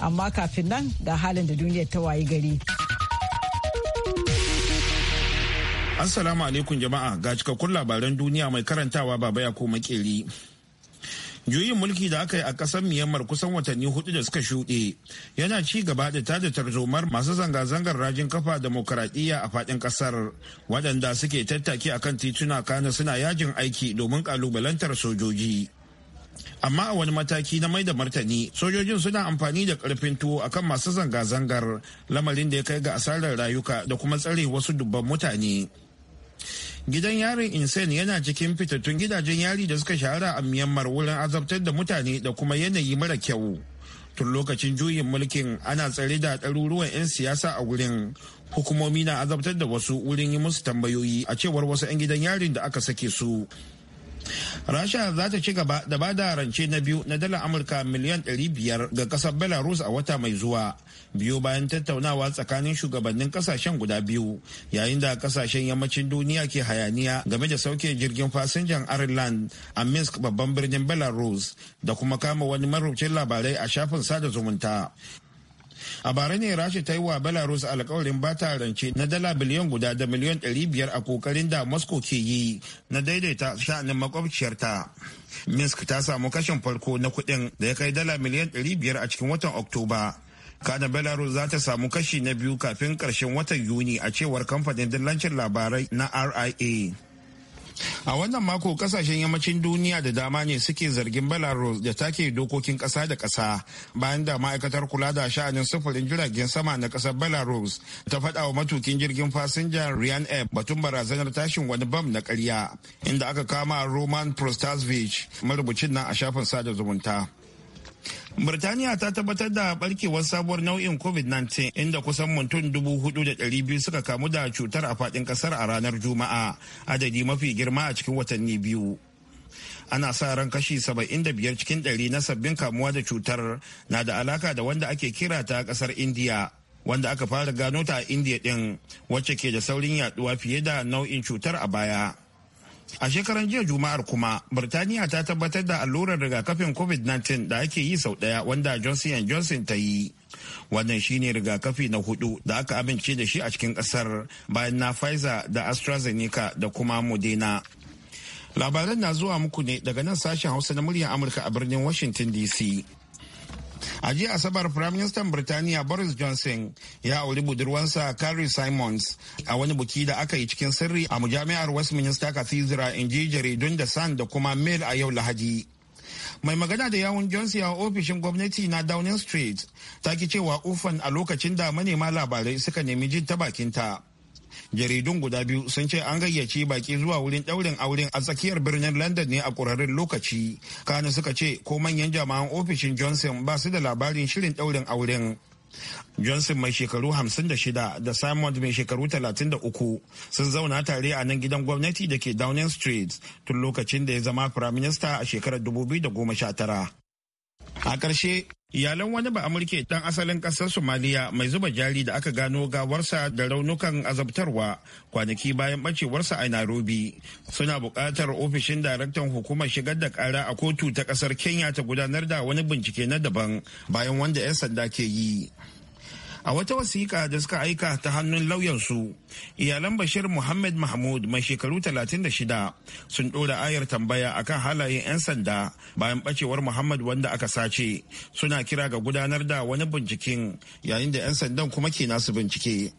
amma kafin nan ga halin da duniyar ta wayi gari. Assalamu alaikum jama'a ga cikakkun labaran duniya mai karantawa baba ya koma keli. Juyin mulki da aka yi a ƙasar Myanmar kusan watanni hudu da suka shuɗe yana ci gaba da tada tarzomar masu zanga-zangar rajin kafa demokaradiyya a faɗin ƙasar waɗanda suke tattaki akan tituna kana suna yajin aiki domin ƙalubalantar sojoji. amma a wani mataki na mai da martani sojojin suna amfani da karfin tuwo akan masu zanga-zangar lamarin da ya kai ga asarar rayuka da kuma tsare wasu dubban mutane gidan yarin insane yana cikin fitattun gidajen yari da suka shahara a myanmar wurin azabtar da mutane da kuma yanayi mara kyau tun lokacin juyin mulkin ana tsare da ɗaruruwan 'yan siyasa a wurin hukumomi na azabtar da wasu wurin yi musu tambayoyi a cewar wasu 'yan gidan yarin da aka sake su rasha za ta ci gaba da ba da rance na biyu na dala amurka miliyan 500 ga kasar belarus a wata mai zuwa biyu bayan tattaunawa tsakanin shugabannin kasashen guda biyu yayin da kasashen yammacin duniya ke hayaniya game da sauke jirgin fasinjan ireland a minsk babban birnin belarus da kuma kama wani marubucin labarai a shafin sada zumunta a bara ne rasha ta yi wa belarus alkawarin ta rance na dala biliyan guda da miliyan 500 a kokarin da moscow ke yi na daidaita sha'anin makwabciyarta minsk ta samu kashin farko na kuɗin da ya kai dala miliyan 500 a cikin watan oktoba kana belarus za ta samu kashi na biyu kafin karshen watan yuni a cewar kamfanin dillancin labarai na ria A wannan mako kasashen yammacin duniya da dama ne suke zargin Belarus da take dokokin kasa da kasa bayan da ma'aikatar kula da sha'anin sufurin jiragen sama na kasar Belarus ta faɗa wa matukin jirgin fasinja Ryan F batun barazanar tashin wani bam na ƙarya inda aka kama Roman Prostasvich marubucin nan a shafin sada zumunta. Birtaniya ta tabbatar da barkewar sabuwar nau'in COVID-19 inda kusan mutum dubu hudu da dari biyu suka kamu da cutar a faɗin kasar a ranar Juma'a, adadi mafi girma a cikin watanni biyu. Ana sa ran kashi 75 cikin ɗari na sabbin kamuwa da cutar na da alaka da wanda ake kira ta ƙasar Indiya. Wanda aka fara gano ta a Indiya ɗin wacce ke da saurin yaduwa fiye da nau'in cutar a baya. A shekaran jiya Juma'ar kuma, Birtaniya ta tabbatar da allurar rigakafin COVID-19 da ake yi sau ɗaya wanda Johnson Johnson ta yi. Wannan shi ne rigakafi na hudu da aka amince da shi a cikin ƙasar bayan na Pfizer da AstraZeneca da kuma Modena. Labaran na zuwa muku ne daga nan sashen Hausa na muryar Amurka a birnin Washington DC. a jiya asabar firaministan birtaniya boris johnson ya auri budurwansa carrie simons a wani buki da aka yi cikin sirri a mujami'ar westminster cathedral in ji jaridun da san da kuma mail a yau lahadi mai magana da yawun johnson a ofishin gwamnati na downing street ta ki cewa ufan a lokacin da manema labarai suka nemi jin ta bakinta. jaridun guda biyu sun ce an gayyaci baki zuwa wurin daurin auren a tsakiyar birnin london ne a kurarin lokaci kanu suka ce ko manyan jama'an ofishin johnson ba su da labarin shirin daurin auren johnson mai shekaru 56 da simon mai shekaru 33 sun zauna tare a nan gidan gwamnati da ke downing street tun lokacin da ya zama firaminista a shekarar 2019 A ƙarshe, iyalan wani ba amurke ɗan asalin ƙasar Somaliya mai zuba jari da aka gano gawarsa da raunukan azabtarwa kwanaki bayan ɓacewarsa a Nairobi suna buƙatar ofishin daraktan hukumar shigar da ƙara a kotu ta ƙasar Kenya ta gudanar da wani bincike na daban bayan wanda 'yan sanda ke yi. a wata wasiƙa da suka aika ta hannun lauyansu iyalan bashir muhammad mahmud mai shekaru 36 sun ɗora ayar tambaya akan halayen 'yan sanda bayan ɓacewar muhammad wanda aka sace suna kira ga gudanar da wani binciken yayin da 'yan sandan kuma ke nasu bincike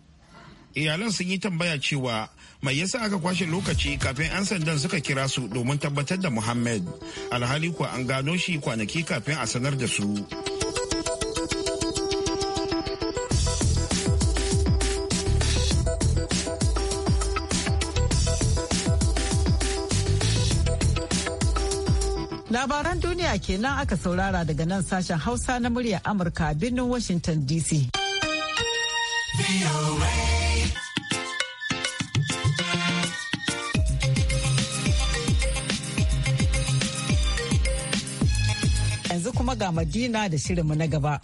iyalan sun yi tambaya cewa mai yasa aka kwashe lokaci kafin 'yan sandan suka kira su domin tabbatar da muhammad alhali kuwa an gano shi kwanaki kafin a sanar da su duniya kenan aka saurara daga nan sashen Hausa na muryar Amurka birnin Washington DC. Yanzu kuma ga Madina da shirinmu na gaba.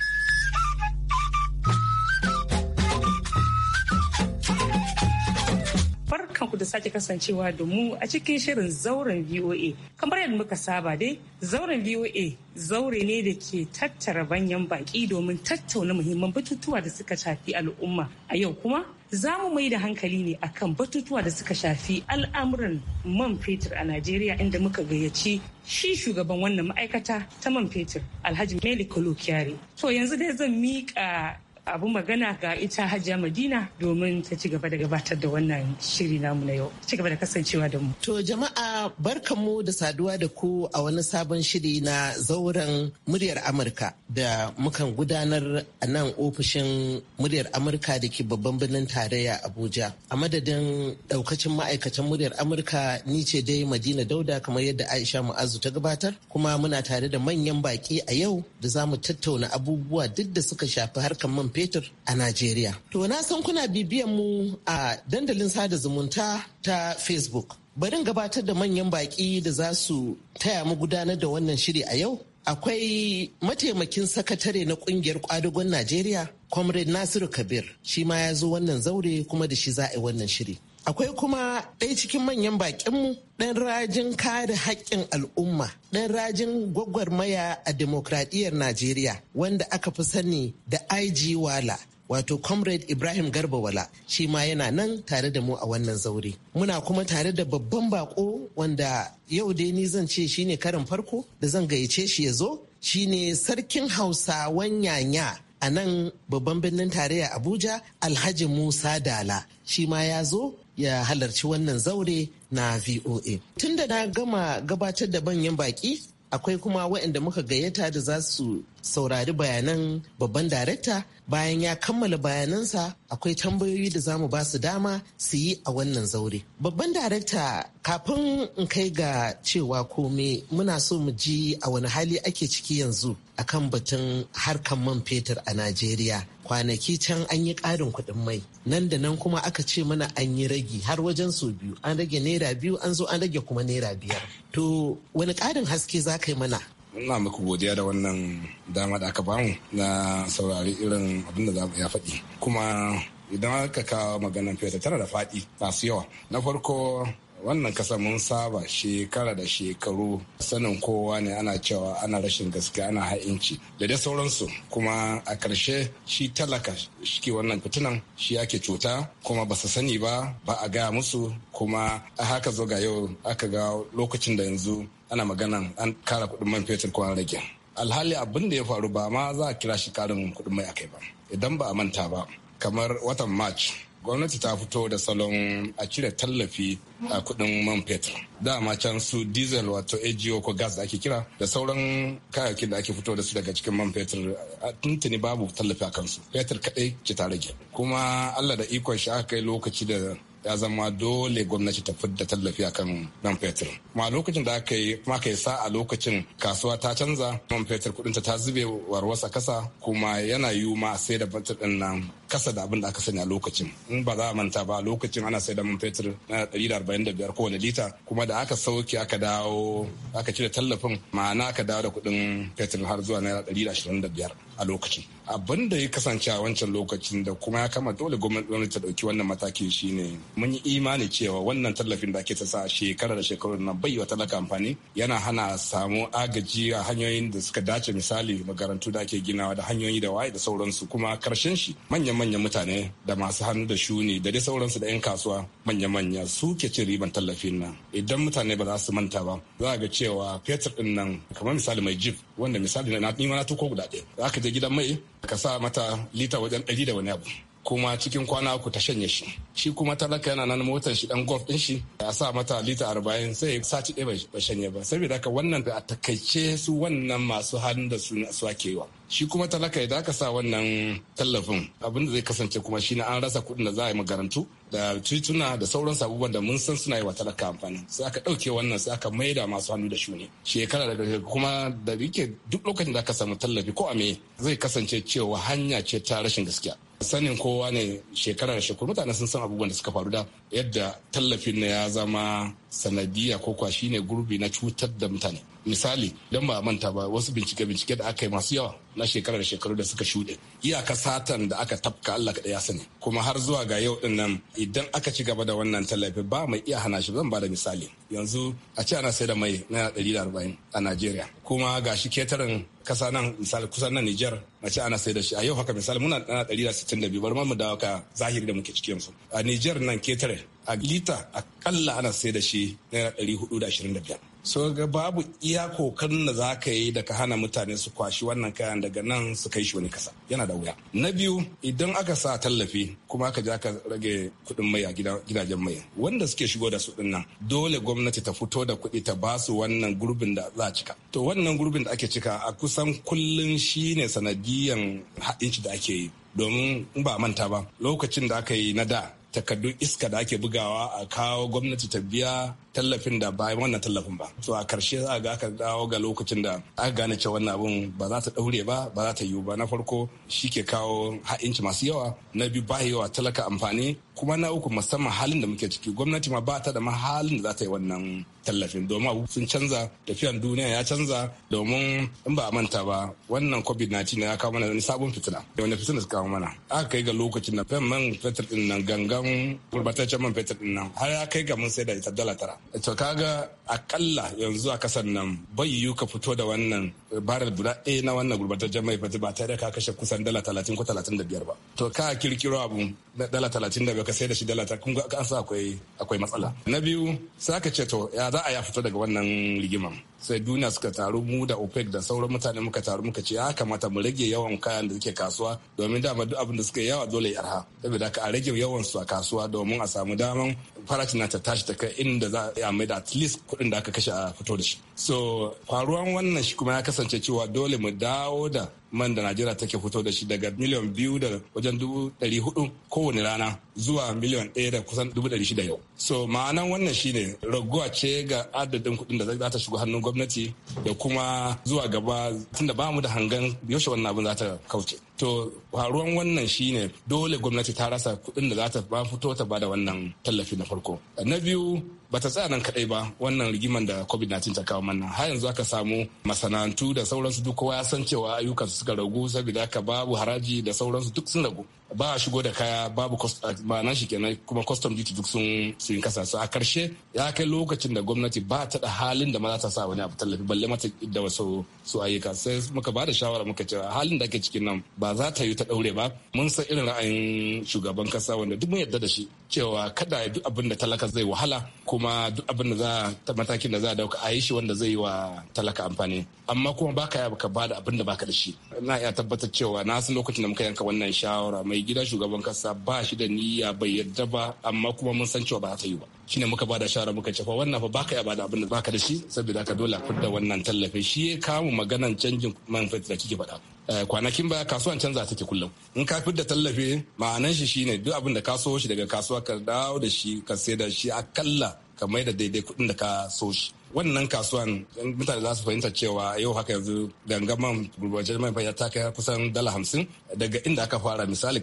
ku da sake kasancewa da mu a cikin shirin zauren VOA. Kamar yadda muka saba dai, zauren VOA zaure ne da ke tattara banyan baki domin tattauna muhimman batutuwa da suka shafi al'umma. A yau kuma za mu mai da hankali ne akan batutuwa da suka shafi al'amuran man fetur a Najeriya inda muka gayyaci shi shugaban wannan ma'aikata ta man fetur Alhaji Meli Kolo Kyari. To yanzu dai zan miƙa abu magana ga ita hajiya madina domin ta ci gaba da gabatar da wannan shiri namu na yau ci gaba da kasancewa da mu to jama'a mu da saduwa da ku a wani sabon shiri na zauren muryar amurka da mukan gudanar a nan ofishin muryar amurka da ke babban birnin tarayya abuja a madadin daukacin ma'aikatan muryar amurka ni ce dai madina dauda kamar yadda aisha mu'azu ta gabatar kuma muna tare da manyan baki a yau da za mu tattauna abubuwa duk da suka shafi harkar man fetur a Najeriya. To na san kuna bibiyan mu a dandalin sada zumunta ta Facebook. Barin gabatar da manyan baƙi da za su taya mu gudanar da wannan shiri a yau. Akwai mataimakin sakatare na kungiyar kwadagon Najeriya, Comrade Nasiru Kabir, shi ma ya zo wannan zaure kuma da shi za a yi wannan shiri. Akwai kuma ɗaya cikin manyan baƙinmu ɗan rajin kare haƙƙin al'umma, ɗan rajin gwagwarmaya a demokradiyyar Najeriya wanda aka fi sani da IG Wala. Wato Comrade Ibrahim Garba Wala shi ma yana nan tare da mu a wannan zaure. Muna kuma tare da babban baƙo wanda yau dai ni zan ce shi ne karin farko da zan gayyace shi ya zo shi ne sarkin hausawan yanya a nan babban birnin tarayya abuja alhaji musa dala shi ma ya zo ya halarci wannan zaure na VOA. Tun da na gama gabatar da banyan baki akwai kuma waɗanda muka gayyata da za su saurari bayanan babban darekta bayan ya kammala bayanansa akwai tambayoyi da za mu ba su dama su yi a wannan zaure. Babban darekta kafin in kai ga cewa kome muna so mu ji a wani hali ake ciki yanzu akan batun harkar man fetur a Najeriya. kwanaki can an yi ƙarin kuɗin mai nan da nan kuma aka ce mana an yi ragi har wajen su biyu an rage naira biyu an zo an rage kuma naira biyar to wani ƙarin haske za ka yi mana ina muku godiya da wannan dama da aka bamu na saurari irin abin da za mu ya faɗi kuma idan aka kawo maganar fetur tana da faɗi masu yawa na farko wannan kasa mun saba shekara da shekaru sanin kowa ne ana cewa ana rashin gaskiya ana ha'inci da dai sauransu kuma a karshe shi talaka shike wannan fitinan shi yake cuta kuma ba su sani ba ba a gaya musu kuma a haka zo ga yau aka ga lokacin da yanzu ana maganan an kara kuɗin man fetur ko an rage alhali abin da ya faru ba ma za a kira shi karin kuɗin mai akai ba idan ba a manta ba kamar watan march gwamnati ta fito da salon a cire tallafi a kudin man fetur dama can su diesel wato AGO ko gas da ake kira da sauran kayayyakin da ake fito da su daga cikin man fetur a tuntuni babu tallafi a kansu fetur kadai ce ta rage kuma allah da ikon shi aka kai lokaci da ya zama dole gwamnati ta fidda tallafi a kan man fetur ma lokacin da aka yi kuma yi sa a lokacin kasuwa ta canza man fetur kudinta ta zube warwasa kasa kuma yana yiwu ma sai da fetur din nan kasa da abin da aka sani a lokacin in ba za a manta ba lokacin ana sai da man fetur na 145 kowane lita kuma da aka sauke aka dawo aka cire tallafin ma'ana aka dawo da kudin fetur har zuwa naira 125 a lokacin abin da ya kasance a wancan lokacin da kuma ya kama dole gwamnati ta dauki wannan matakin shi ne. mun yi imani cewa wannan tallafin da ake sa shekara da shekaru na bai wa talaka amfani yana hana samu agaji a hanyoyin da suka dace misali makarantu da ake ginawa da hanyoyi da waye da sauransu kuma karshen shi manyan manyan mutane da masu hannu da shuni da dai sauransu da 'yan kasuwa manya-manya su ke cin riban tallafin nan idan mutane ba za su manta ba za a ga cewa fetur din nan kamar misali mai jeep wanda misali na nima na tuko guda ɗaya za ka je gidan mai ka sa mata lita wajen ɗari da wani abu kuma cikin kwana uku ta shanye shi shi kuma talaka yana nan motar shi dan golf din shi ya sa mata lita arba'in sai sati ɗaya ba shanye ba saboda haka wannan da a takaice su wannan masu hannu da su su ake wa shi kuma talaka idan aka sa wannan tallafin abin da zai kasance kuma shi na an rasa kuɗin da za a yi magarantu da tituna da sauran abubuwan da mun san suna yi wa talaka amfani sai aka ɗauke wannan sai aka maida masu hannu da ne. shekara daga kuma da yake duk lokacin da aka samu tallafi ko a me zai kasance cewa hanya ce ta rashin gaskiya sanin kowa ne shekara da shekaru mutane sun san abubuwan da suka faru da yadda tallafin na ya zama sanadiyya ko kwa shine gurbi na cutar da mutane misali don ba manta ba wasu bincike-bincike da aka yi masu yawa na shekarar da shekaru da suka shuɗe iyaka satan da aka tafka Allah kaɗai ya sani kuma har zuwa ga yau din nan idan aka ci gaba da wannan tallafi ba mai iya hana shi zan ba da misali yanzu a ce ana sai da mai naira ɗari da arba'in a Najeriya kuma ga shi ketaren kasa nan misali kusan nan Nijar a ce ana sai da shi a yau haka misali muna ɗana ɗari da sittin da biyu bari mu dawo ka zahiri da muke ciki yanzu a Nijar nan ketare a lita akalla ana sai da shi naira ɗari hudu da ashirin da biyar so ga babu iya kokarin da za ka yi daga hana mutane su kwashi wannan kayan daga nan su kai shi wani kasa yana da wuya na biyu idan aka sa tallafi kuma aka ja ka rage kuɗin mai a gidajen mai wanda suke shigo da su din nan dole gwamnati ta fito da kuɗi ta ba su wannan gurbin da za a cika to wannan gurbin da ake cika a kusan kullun shine sanadiyan haɗin shi da ake yi domin ba manta ba lokacin da aka yi na da takardun iska da ake bugawa a kawo gwamnati ta biya tallafin da ba wannan tallafin ba so a karshe za a ga aka dawo ga lokacin da aka gane cewa wannan abun ba za ta daure ba ba za ta yiwu ba na farko shi ke kawo ha'inci masu yawa na biyu ba yawa talaka amfani kuma na uku musamman halin da muke ciki gwamnati ma ba ta da halin da za ta yi wannan tallafin domin abu sun canza tafiyan duniya ya canza domin in ba a manta ba wannan covid-19 ya kawo mana wani sabon fitina da wani fitina su kawo mana aka kai ga lokacin da man fetur din gangan gurbataccen man fetur din nan har ya kai ga mun sai da ita dala tara to kaga akalla yanzu a kasan nan bai yiwu ka fito da wannan barar guda ɗaya na wannan gurbataccen mai fati ba tare da ka kashe kusan dala talatin ko talatin da biyar ba to ka kirkiro abu na dala talatin da biyar ka sai da shi dala ta kunga an sa akwai matsala na biyu sai ka ce to ya za a ya fito daga wannan rigiman sai duniya suka taru mu da opec da sauran mutane muka taru muka ce ya kamata mu rage yawan kayan da suke kasuwa domin dama duk abin da suka yawa dole ya arha saboda ka a rage yawan su a kasuwa domin a samu daman farashin na ta tashi ta kai inda za a mai da at least kuɗin da aka kashe a fito da shi so faruwan wannan shi kuma ya kasance cewa dole mu dawo da man da najeriya take fito da shi daga miliyan biyu da wajen dubu ɗari hudu kowane rana zuwa miliyan ɗaya da kusan dubu ɗari shida yau so ma'anan wannan shine raguwa ce ga adadin kuɗin da za ta shiga hannun gwamnati da kuma zuwa gaba tunda ba mu da hangen yaushe wannan abin za ta kauce to faruwan wannan shine dole gwamnati ta rasa kuɗin da za ta ba fito ta ba da wannan tallafi na farko na biyu bata tsaya nan kadai ba wannan rigiman da covid-19 ta kawo mana har yanzu aka samu masana'antu da sauransu duk kowa ya san cewa ayyukan suka ragu saboda haka babu haraji da sauransu duk sun ragu ba a shigo da kaya babu na shi kenan kuma custom duty duk sun sun kasa su a karshe ya kai lokacin da gwamnati ba ta da halin da maza ta sa wani abu tallafi balle mata da wasu su ayyuka sai muka ba da shawara muka ce halin da ake cikin nan ba za ta yi ta daure ba mun san irin ra'ayin shugaban kasa wanda duk mun yarda da shi cewa kada duk abin da talaka zai wahala kuma duk abin da za ta matakin da za a dauka a yi shi wanda zai yi wa talaka amfani amma kuma baka ya baka ba da abin da baka da shi na iya tabbatar cewa na san lokacin da muka yanka wannan shawara mai gida shugaban kasa ba shi da niyya bai yarda ba amma kuma mun san cewa ba ta yi ba shine muka bada shara muka ce wannan fa baka a bada abin da baka da shi saboda haka dole a da wannan tallafi shi ya kawo maganan canjin man fetur da kike faɗa eh, kwanakin baya kasuwan canza take kullum in ka fidda tallafi ma'anan shi shine duk abin da ka so shi daga kasuwa ka dawo da shi ka sai da shi akalla ka mai da daidai kuɗin da ka so shi wannan kasuwan mutane za su fahimta cewa yau haka yanzu gangaman gurbacin mai ya ta kai kusan dala hamsin daga inda aka fara misali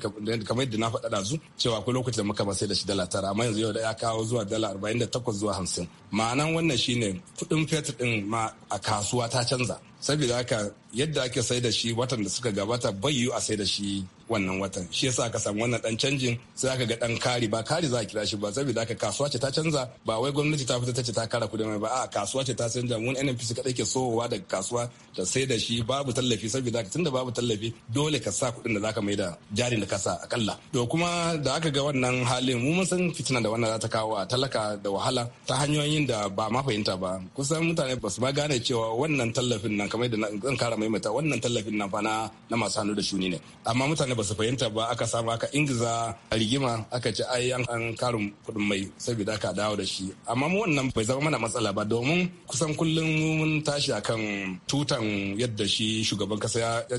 kamar yadda na faɗa cewa akwai lokacin da muka ba sai da shi dala tara amma yanzu yau da ya kawo zuwa dala arba'in da takwas zuwa hamsin ma'anan wannan shine kuɗin fetur ɗin ma a kasuwa ta canza saboda haka yadda ake sai da shi watan da suka gabata bai yiwu a sai da shi wannan watan shi yasa aka samu wannan dan canjin sai aka ga dan kari ba kari za a kira shi ba saboda aka kasuwa ce ta canza ba wai gwamnati ta fita ta ce ta kara kudin mai ba a kasuwa ce ta canza mun NNPC kadai ke sowa daga kasuwa ta sai da shi babu tallafi saboda haka tunda babu tallafi dole ka sa kudin da zaka mai da jari da ka sa akalla to kuma da aka ga wannan halin mu mun san fitina da wannan za ta kawo a talaka da wahala ta hanyoyin da ba ma fahimta ba kusan mutane ba su ma gane cewa wannan tallafin nan kamar da zan kara maimaita wannan tallafin nan fa na masu hannu da shuni ne amma mutane ba su fahimta ba aka samu aka ingiza rigima aka ci ai an karin kuɗin mai saboda aka dawo da shi amma mu wannan bai zama mana matsala ba domin kusan kullum mun tashi akan tutan yadda shi shugaban kasa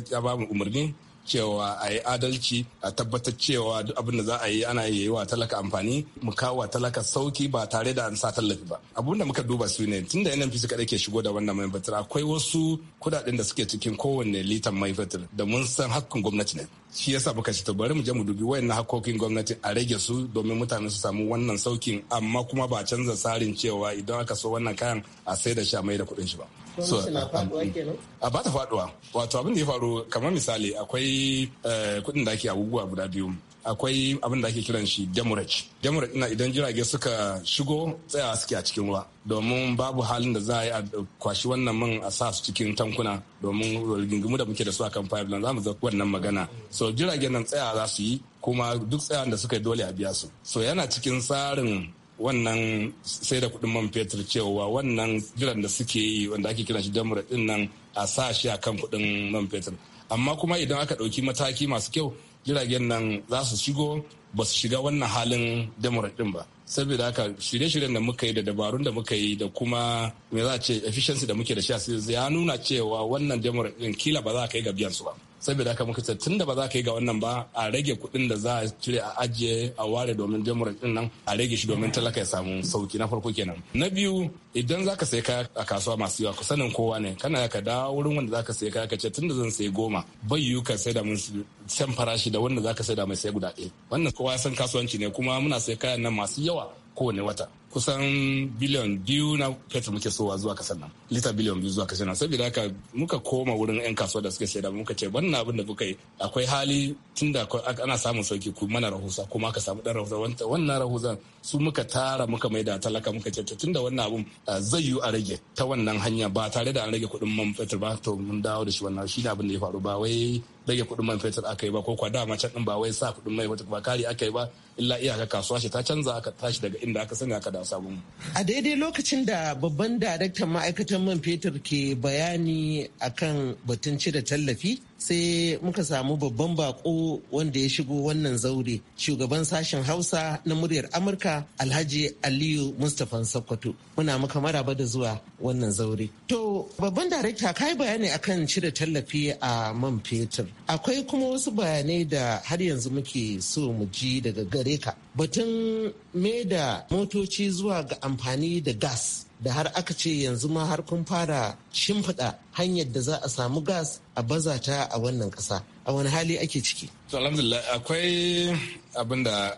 ya ba mu umarni cewa a yi adalci a tabbatar cewa duk abin da za a yi ana yi wa talaka amfani mu kawo wa talaka sauki ba tare da an sa tallafi ba abun da muka duba su ne tun da nnpc kaɗai ke shigo da wannan maifatar akwai wasu kudaden da suke cikin kowanne litan mai da mun san hakkin gwamnati ne shi yasa muka ce bari mu je mu dubi wayannan hakkokin gwamnati a rage su domin mutane su samu wannan saukin amma kuma ba canza tsarin cewa idan aka so wannan kayan a sai da shi a mai da kuɗin shi ba so, na uh, um, faduwa kenan a uh, ba ta faduwa wato abin da ya faru kamar misali akwai uh, kudin da ake abubuwa guda biyu akwai abin da ake kiran shi demurage. Demurage ina idan jirage suka shigo tsayawa suke a cikin ruwa domin babu halin da za a yi a kwashi wannan man a sa su cikin tankuna domin rigingimu da muke da su akan pipeline za mu zaku wannan magana so jiragen nan tsayawa za su yi kuma duk tsayawa da suka yi dole a biya su so yana cikin tsarin wannan sai da kuɗin man fetur cewa wannan jiran da suke yi wanda ake kira shi damar ɗin nan a sa shi a kan kuɗin man fetur amma kuma idan aka ɗauki mataki masu kyau jiragen nan za su shigo ba su shiga wannan halin damar din ba saboda haka shirye-shiryen da muka yi da dabarun da muka yi da kuma me za a ce efficiency da muke da shi a ya nuna cewa wannan damar ɗin kila ba za a kai ga biyan su ba saboda haka muka ce tunda ba za ka yi ga wannan ba a rage kuɗin da za a cire a ajiye a ware domin jamhuriyar din nan a rage shi domin talaka ya samu sauki na farko kenan na biyu idan za ka sai kaya a kasuwa masu yawa sanin kowa ne kana ka da wurin wanda za ka sai kaya ka ce tunda zan sayi goma bai yiwu ka sai da mun san farashi da wanda za ka sai da mai sai guda ɗaya wannan kowa ya san kasuwanci ne kuma muna sai kayan nan masu yawa kowane wata kusan biliyan biyu na fetur muke sowa zuwa kasar nan lita biliyan biyu zuwa kasar nan saboda haka muka koma wurin yan kasuwa da suka shaida muka ce wannan abin da kuka yi akwai hali tunda ana samun sauki ku mana rahusa kuma aka samu dan rahusa wannan rahusan su muka tara muka mai da talaka muka ce tunda wannan abun ah, zai yiwu a rage ta wannan hanya ba tare da an rage kuɗin man fetur ba to mun dawo da shi wannan shi abin da ya faru ba wai rage kuɗin man fetur aka yi ba ko kwa dama can din ba wai sa kuɗin mai fetur ba kari aka yi ba illa iyaka kasuwa ce ta canza aka tashi daga inda aka sani aka da a A daidai lokacin da babban daraktan ma'aikatan man fetur ke bayani akan batun cire tallafi sai muka samu babban bako wanda ya shigo wannan zaure shugaban sashen hausa na muryar amurka alhaji aliyu mustapha sokoto muna maka maraba da zuwa wannan zaure to babban darekta ka yi bayani akan cire tallafi a man fetur akwai kuma wasu bayanai da har yanzu muke so mu ji daga gare ka batun me da motoci zuwa ga amfani da gas da har aka ce yanzu ma har kun fara shimfiɗa hanyar da za a samu gas a baza ta a wannan ƙasa a wani hali ake ciki. to alhamdulillah akwai abin da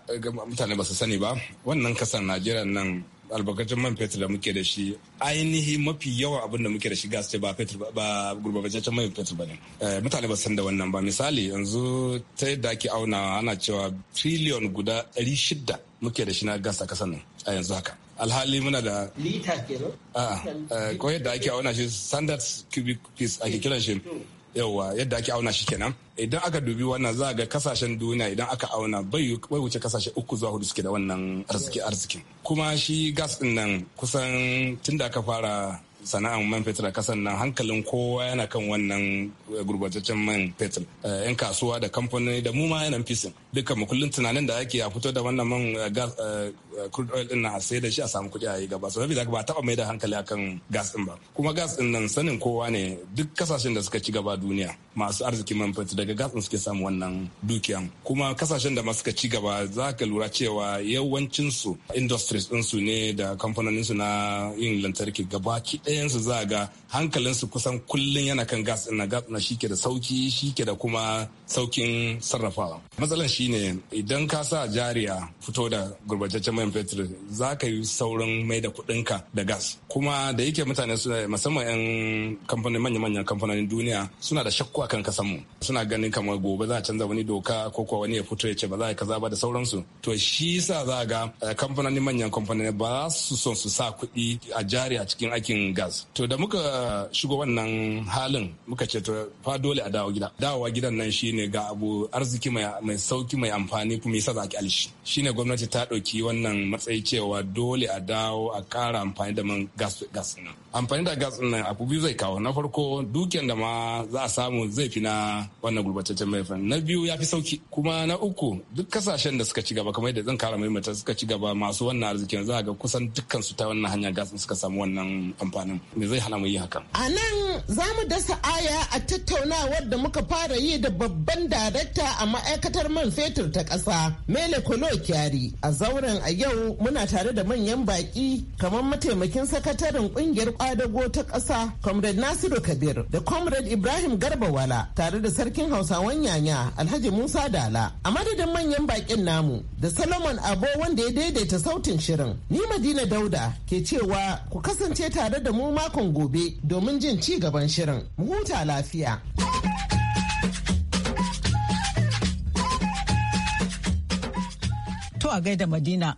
mutane ba su sani ba wannan ƙasar najeriya nan albarkacin man fetur da muke da shi ainihi mafi yawan abin da muke da shi gas ce ba fetur ba gurbataccen man fetur ba ne eh, mutane ba san da wannan ba misali yanzu ta yadda ake auna ana cewa triliyon guda 600 muke da shi na gas a kasar nan a yanzu haka alhali muna da lita kenan a eh, ko yadda ake auna shi standard cubic piece ake kiran shi yawa yadda ake auna shi kenan idan aka dubi wannan za a ga kasashen duniya idan aka auna bai wuce kasashe uku zuwa hudu suke da wannan arziki arzikin kuma shi gas din nan kusan tun aka fara sana'an man fetur a kasan nan hankalin kowa yana kan wannan eh, gurbataccen man fetur yan eh, kasuwa da kamfanoni da mu ma yana fisin dukkan mu kullum tunanin da ake a fito da wannan man crude eh, oil din a sai da shi a samu kuɗi a yi gaba so saboda ba taɓa mai da hankali akan gas din ba kuma gas din nan sanin kowa ne duk kasashen da suka ci gaba duniya masu arziki man fetur daga gas din suke samu wannan dukiyan kuma kasashen da ma suka ci gaba za ka lura cewa yawancin su industries din su ne da kamfanonin su na yin lantarki ki ɗayan su za ga hankalin su kusan kullun yana kan gas din na gas na shike da sauki shike da kuma saukin sarrafawa matsalan shine idan ka sa jariya fito da gurbataccen man fetur za ka yi saurin mai da kuɗinka da gas kuma da yake mutane suna musamman 'yan kamfanin manya-manyan kamfanonin duniya suna da shakku a kan kasan kasanmu suna ganin kamar gobe za a canza wani doka ko kuwa wani ya fito ya ce ba za a kaza ba da sauransu to shi sa za ga eh, kamfanonin manyan kamfanoni ba su son su sa kuɗi a jari a cikin aikin gas to da muka shigo wannan halin muka ce to fa dole a dawo gida dawowa gidan nan shine ga abu arziki mai sauki mai amfani kuma yasa za a ƙyalshi shine gwamnati ta ɗauki wannan wannan matsayi cewa dole a dawo a kara amfani da man gas gas nan amfani da gas nan abu biyu zai kawo na farko duken da ma za a samu zai fi na wannan gurbataccen mai na biyu ya fi sauki kuma na uku duk kasashen da suka ci gaba kamar yadda zan kara mata suka ci gaba masu wannan arzikin za a ga kusan dukkan su ta wannan hanyar gas suka samu wannan amfanin me zai hana mu yi hakan a nan za mu dasa aya a tattaunawar da muka fara yi da babban darakta a ma'aikatar man fetur ta ƙasa mele kolo kyari a zauren a yau muna tare da manyan baki kamar mataimakin sakataren kungiyar kwadago ta ƙasa comrade nasiru kabir da comrade ibrahim garbawala tare da sarkin hausawan yanya alhaji musa dala a madadin manyan bakin namu da Salomon abo wanda ya daidaita sautin shirin ni madina dauda ke cewa ku kasance tare da mu makon gobe domin jin ci gaban shirin mu huta lafiya To a gaida Madina.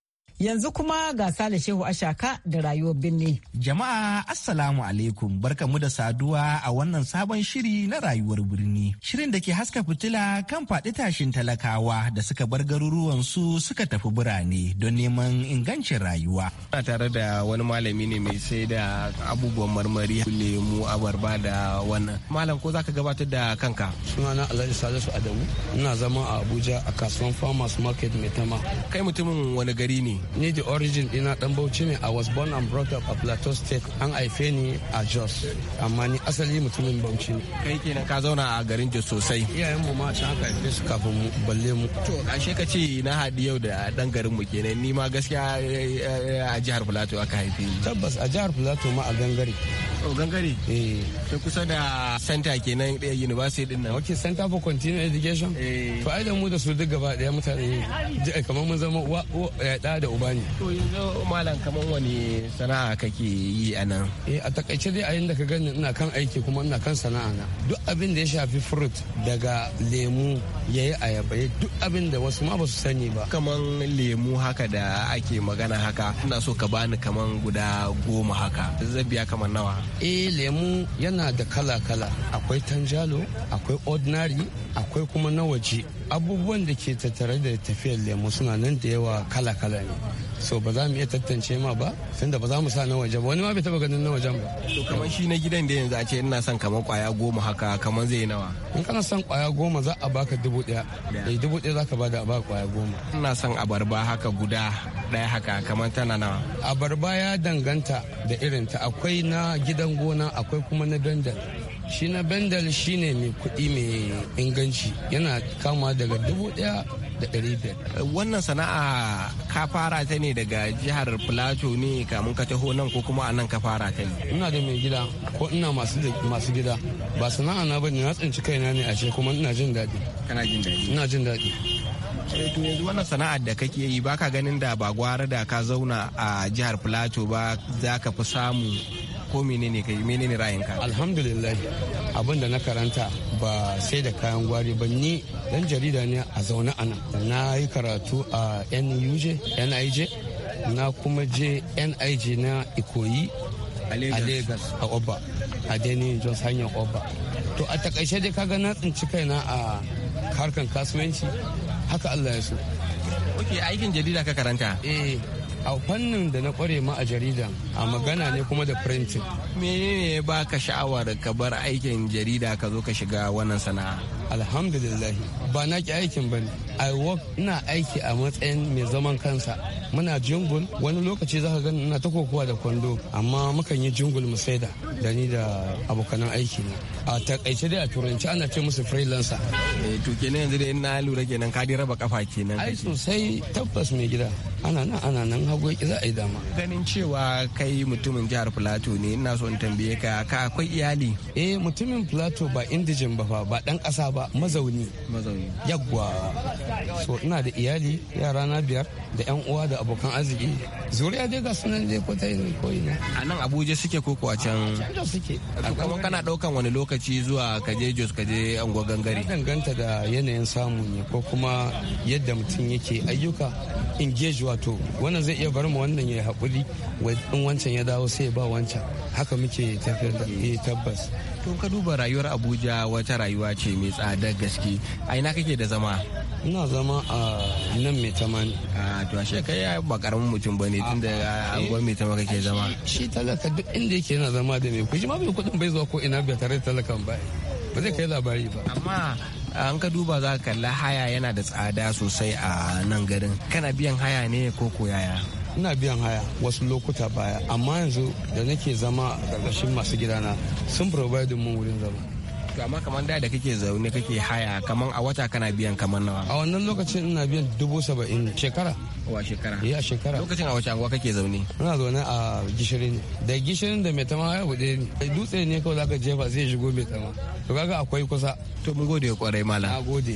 Yanzu kuma ga Sale Shehu Ashaka da rayuwar birni. Jama'a Assalamu alaikum barkamu da saduwa a wannan sabon shiri na rayuwar birni. Shirin da ke haska fitila kan faɗi tashin talakawa da suka bar garuruwan su suka tafi birane don neman ingancin rayuwa. Ina tare da wani malami ne mai sai da abubuwan marmari lemu abarba da wannan. Malam ko zaka gabatar da kanka? Sunana Alhaji Salisu Adamu. Ina zama a Abuja a kasuwan Farmers Market Maitama. Kai mutumin wani gari ne? ni the origin ina dan bauchi ne i was born and brought up a plateau state an haife ni a jos amma ni asali mutumin bauchi ne kai kenan ka zauna a garin jos sosai iyayen mu ma can aka haife su kafin mu balle mu to ashe ka ce na haɗi yau da dan garin mu kenan ni ma gaskiya eh, eh, a jihar plateau aka haife ni tabbas a jihar plateau ma a gangare oh gangare eh to kusa da center kenan da eh, university din nan okay center for continuing education to ai da mu da su duk gaba daya mutane kamar mun zama uwa da bani to yanzu malam kaman wani sana'a kake yi a nan eh a takaice dai a yadda ka gani ina kan aiki kuma ina kan sana'a na duk abin da ya shafi fruit daga lemu ya yi ayaba duk abin da wasu ma ba su sani ba kaman lemu haka da ake magana haka ina so ka bani kaman guda goma haka zai biya kaman nawa eh lemu yana da kala kala akwai tanjalo akwai ordinary akwai kuma na waje abubuwan da ke tattare da tafiyar lemu suna nan da yawa kala-kala ne so ba za mu iya tantance ma ba tunda ba za mu sa na waje ba wani ma bai taba ganin na wajen ba to kamar shi na gidan da yanzu a ce ina son kamar kwaya goma haka kamar zai nawa in kana son kwaya goma za a baka dubu daya eh dubu daya ka bada a baka kwaya goma ina son abarba haka guda daya haka kamar tana nawa abarba ya danganta da irin ta akwai na gidan gona akwai kuma na dandan shi na bendel ne mai kuɗi mai inganci yana kama daga dubu ɗaya da ɗari biyar wannan sana'a ka fara ta ne daga jihar plato ne kamun ka taho nan ko kuma a nan ka fara ta ne ina da mai gida ko ina masu gida ba sana'a na bane na tsinci kaina ne a ce kuma ina jin daɗi kana jin daɗi ina jin daɗi eh, to yanzu wannan sana'ar da kake yi baka ganin da ba gwara da ka zauna a jihar plateau ba za ka fi samu ko menene yi menene ka? alhamdulillah abin da na karanta ba sai da kayan gwari ba ni dan jarida ne a zaune a nan na yi karatu a nuj nij na kuma je nij na ikoyi a lagos a oba a deni jos hanyar oba to a takaice dai kaga na tsinci kaina a harkan kasuwanci haka allah ya so ok aikin jarida ka karanta eh a fannin da na kware ma a jarida a magana ne kuma da printing menene ya baka da ka bar aikin jarida ka zo ka shiga wannan sana'a alhamdulillah ba na ki aikin bane I work ina aiki a matsayin mai zaman kansa. Muna jingul wani lokaci za ka gani ina ta kokowa da kwando amma mukan yi jingul mu saida da ni da abokanan aiki na. A takaice dai a turanci ana ce musu freelancer. Eh to kenan yanzu dai na lura kenan ka dai raba kafa kenan. Ai sosai tabbas mai gida. Ana nan ana nan hagu za a yi dama. Ganin cewa kai mutumin jihar Plateau ne ina so in tambaye ka ka akwai iyali. Eh mutumin Plateau ba indijin ba fa ba dan kasa ba mazauni. Mazauni. Yagwa so ina da iyali yara na biyar da yan uwa da abokan arziki zuriya dai ga sunan dai ko ta yi ko ina a nan abuja suke ko kuwa can suke kuma kana daukan wani lokaci zuwa kaje jos kaje anguwa gangare danganta da yanayin samu ne ko kuma yadda mutum yake ayyuka engage wato wannan zai iya bar mu wannan ya haƙuri in wancan ya dawo sai ya ba wancan haka muke tafiyar da eh, tabbas to ka duba rayuwar abuja wata rayuwa ce mai tsadar gaske a ina kake da zama ina zama a nan mai taman a to ashe yi ba karamin mutum bane da anguwar mai taman kake zama shi talaka duk inda yake yana zama da mai kuji ma mai kudin bai zuwa ko ina biya tare da talakan ba ba zai kai labari ba amma an ka duba za ka kalla haya yana da tsada sosai a nan garin kana biyan haya ne ko ko yaya ina biyan haya wasu lokuta baya amma yanzu da nake zama a ƙarƙashin masu gidana sun provide mun wurin zama to amma kamar da da kake zaune kake haya kamar a wata kana biyan kamar nawa a wannan lokacin ina biyan dubu saba'in shekara wa shekara ya shekara lokacin a wace anguwa kake zaune ina zaune a gishirin da gishirin da mai tama ya bude ne dutse ne kawai zaka jefa zai shigo mai tama to kaga akwai kusa to mun gode kwarai mala na gode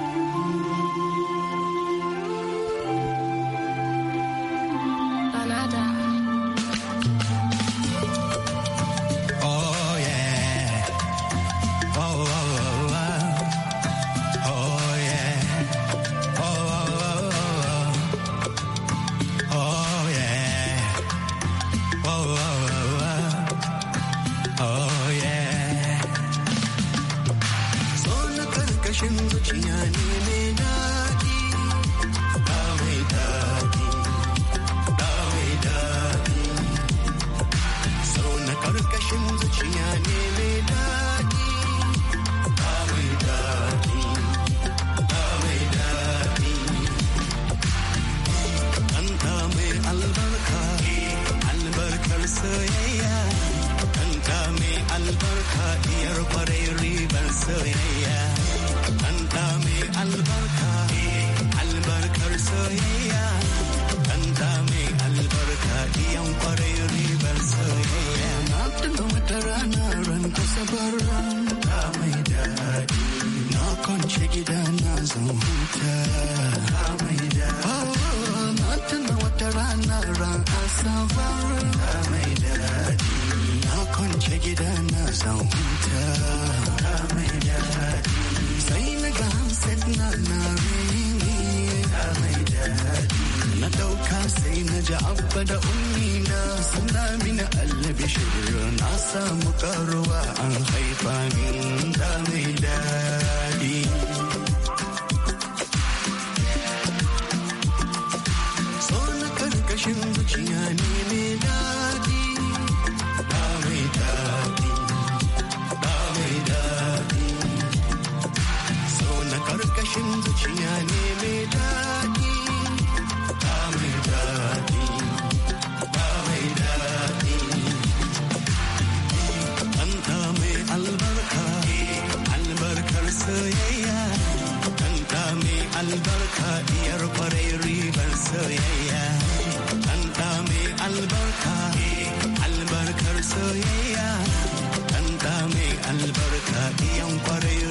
Na Matan wata rana ran asabar Na kwance gida na zan huta Sai na ga hamsin na na Na ɗauka sai na ji abba da ummi suna mini allabi shirya na samu karuwa an haifa min da mai daɗi. soyayya ɗanɗa mai albarka iyar kwarai ribar soyayya ɗanɗa mai albarka albarkar soyayya ɗanɗa mai albarka diyan kwarai